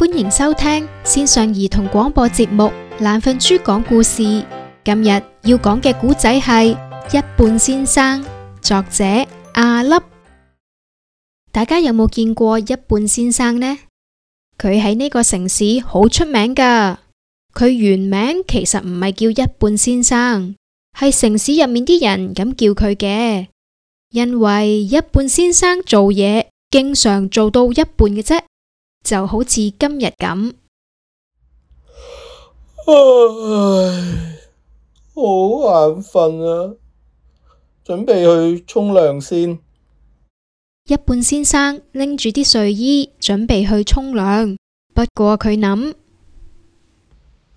歡迎收聽線上兒童廣播節目《懶瞓豬講故事》。今日要講嘅古仔係《一半先生》，作者阿粒。大家有冇見過一半先生呢？佢喺呢個城市好出名㗎。佢原名其實唔係叫一半先生，係城市入面啲人咁叫佢嘅，因為一半先生做嘢經常做到一半嘅啫。就好似今日咁，唉，好眼瞓啊！準備去沖涼先。一半先生拎住啲睡衣，準備去沖涼。不過佢諗，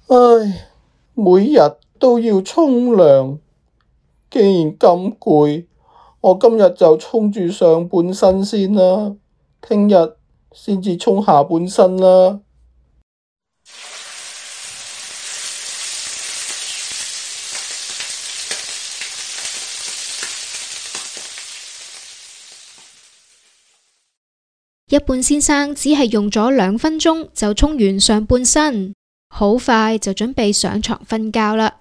唉，每日都要沖涼，既然咁攰，我今日就沖住上半身先啦。聽日。先至沖下半身啦，啊。一半先生只係用咗兩分鐘就沖完上半身，好快就準備上床瞓覺啦。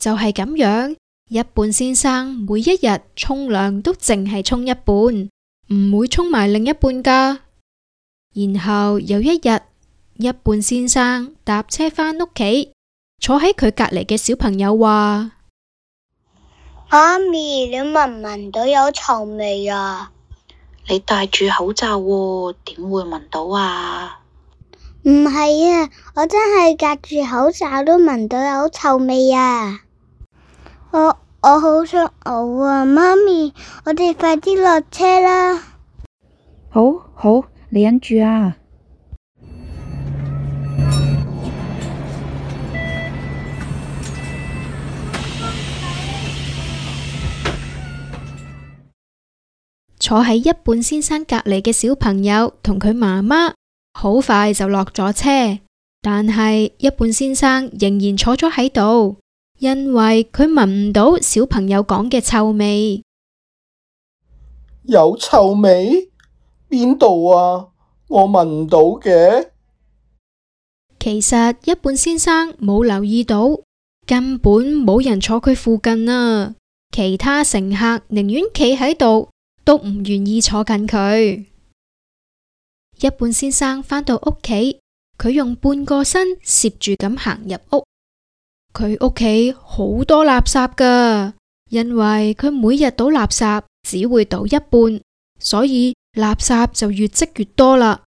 就係、是、咁樣，一半先生每一日沖涼都淨係沖一半，唔會沖埋另一半噶。然後有一日，一半先生搭車返屋企，坐喺佢隔籬嘅小朋友話：媽咪，你聞唔聞到有臭味啊？你戴住口罩喎，哦，點會聞到啊？唔係啊，我真係隔住口罩都聞到有臭味啊！我我好想嘔啊！媽咪，我哋快啲落車啦！好，好。你忍住啊！坐喺一半先生隔籬嘅小朋友同佢媽媽好快就落咗車，但係一半先生仍然坐咗喺度，因為佢聞唔到小朋友講嘅臭味。有臭味？邊度啊？我聞唔到嘅。其實一半先生冇留意到，根本冇人坐佢附近啊。其他乘客寧願企喺度，都唔願意坐近佢。一半先生返到屋企，佢用半個身攝住咁行入屋。佢屋企好多垃圾噶，因為佢每日倒垃圾，只會倒一半，所以。垃圾就越積越多啦，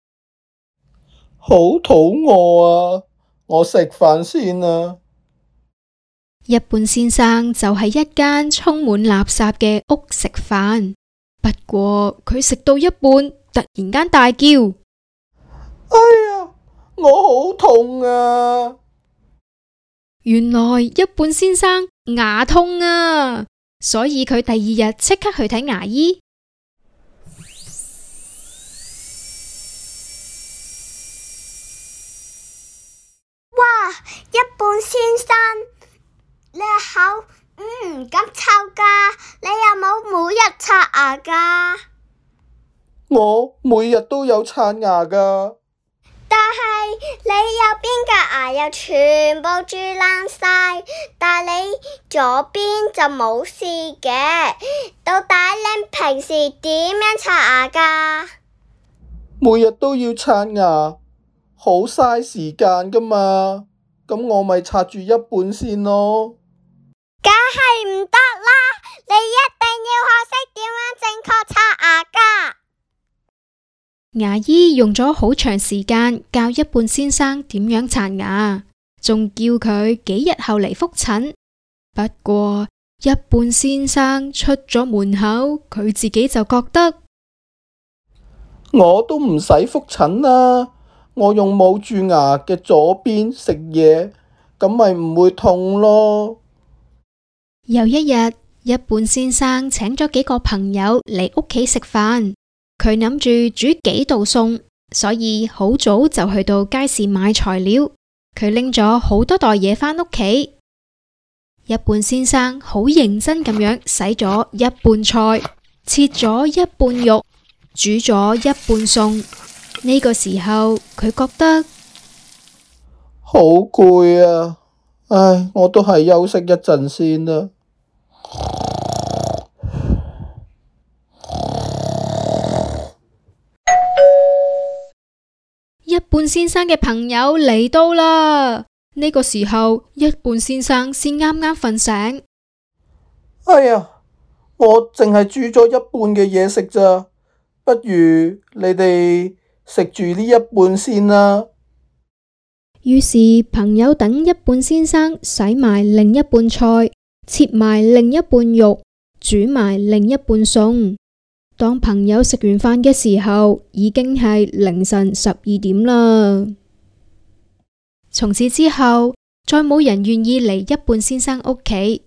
好肚餓啊！我食飯先啊。一半先生就喺一間充滿垃圾嘅屋食飯，不過佢食到一半，突然間大叫：哎呀，我好痛啊！原來一半先生牙痛啊，所以佢第二日即刻去睇牙醫。啊、一半先生，你口唔敢臭噶？你有冇每日刷牙噶？我每日都有刷牙噶。但係你右邊嘅牙又全部蛀爛晒，但你左邊就冇事嘅。到底你平時點樣刷牙噶？每日都要刷牙，好嘥時間噶嘛。咁我咪刷住一半先咯。梗係唔得啦！你一定要學識點樣正確刷牙㗎。牙醫用咗好長時間教一半先生點樣刷牙，仲叫佢幾日後嚟複診。不過一半先生出咗門口，佢自己就覺得我都唔使複診啦。我用冇蛀牙嘅左邊食嘢，咁咪唔會痛咯。又一日，一半先生請咗幾個朋友嚟屋企食飯，佢諗住煮幾道餸，所以好早就去到街市買材料。佢拎咗好多袋嘢返屋企。一半先生好認真咁樣洗咗一半菜，切咗一半肉，煮咗一半餸。呢個時候，佢覺得好攰啊！唉，我都係休息一陣先啦。一半先生嘅朋友嚟到啦。呢、這個時候，一半先生先啱啱瞓醒。哎呀，我淨係煮咗一半嘅嘢食咋，不如你哋。食住呢一半先啦。於是朋友等一半先生洗埋另一半菜，切埋另一半肉，煮埋另一半餸。當朋友食完飯嘅時候，已經係凌晨十二點啦。從此之後，再冇人願意嚟一半先生屋企，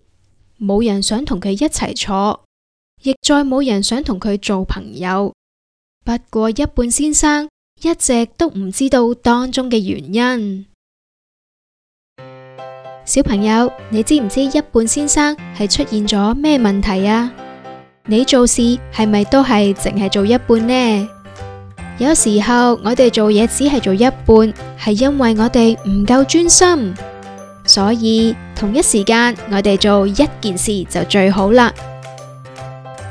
冇人想同佢一齊坐，亦再冇人想同佢做朋友。不過一半先生一直都唔知道當中嘅原因。小朋友，你知唔知一半先生係出現咗咩問題啊？你做事係咪都係淨係做一半呢？有時候我哋做嘢只係做一半，係因為我哋唔夠專心，所以同一時間我哋做一件事就最好啦。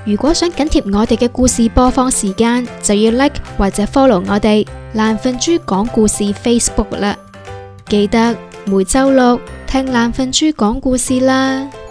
如果想緊貼我哋嘅故事播放時間，就要 like 或者 follow 我哋爛瞓豬講故事 Facebook 啦！記得每周六聽爛瞓豬講故事啦～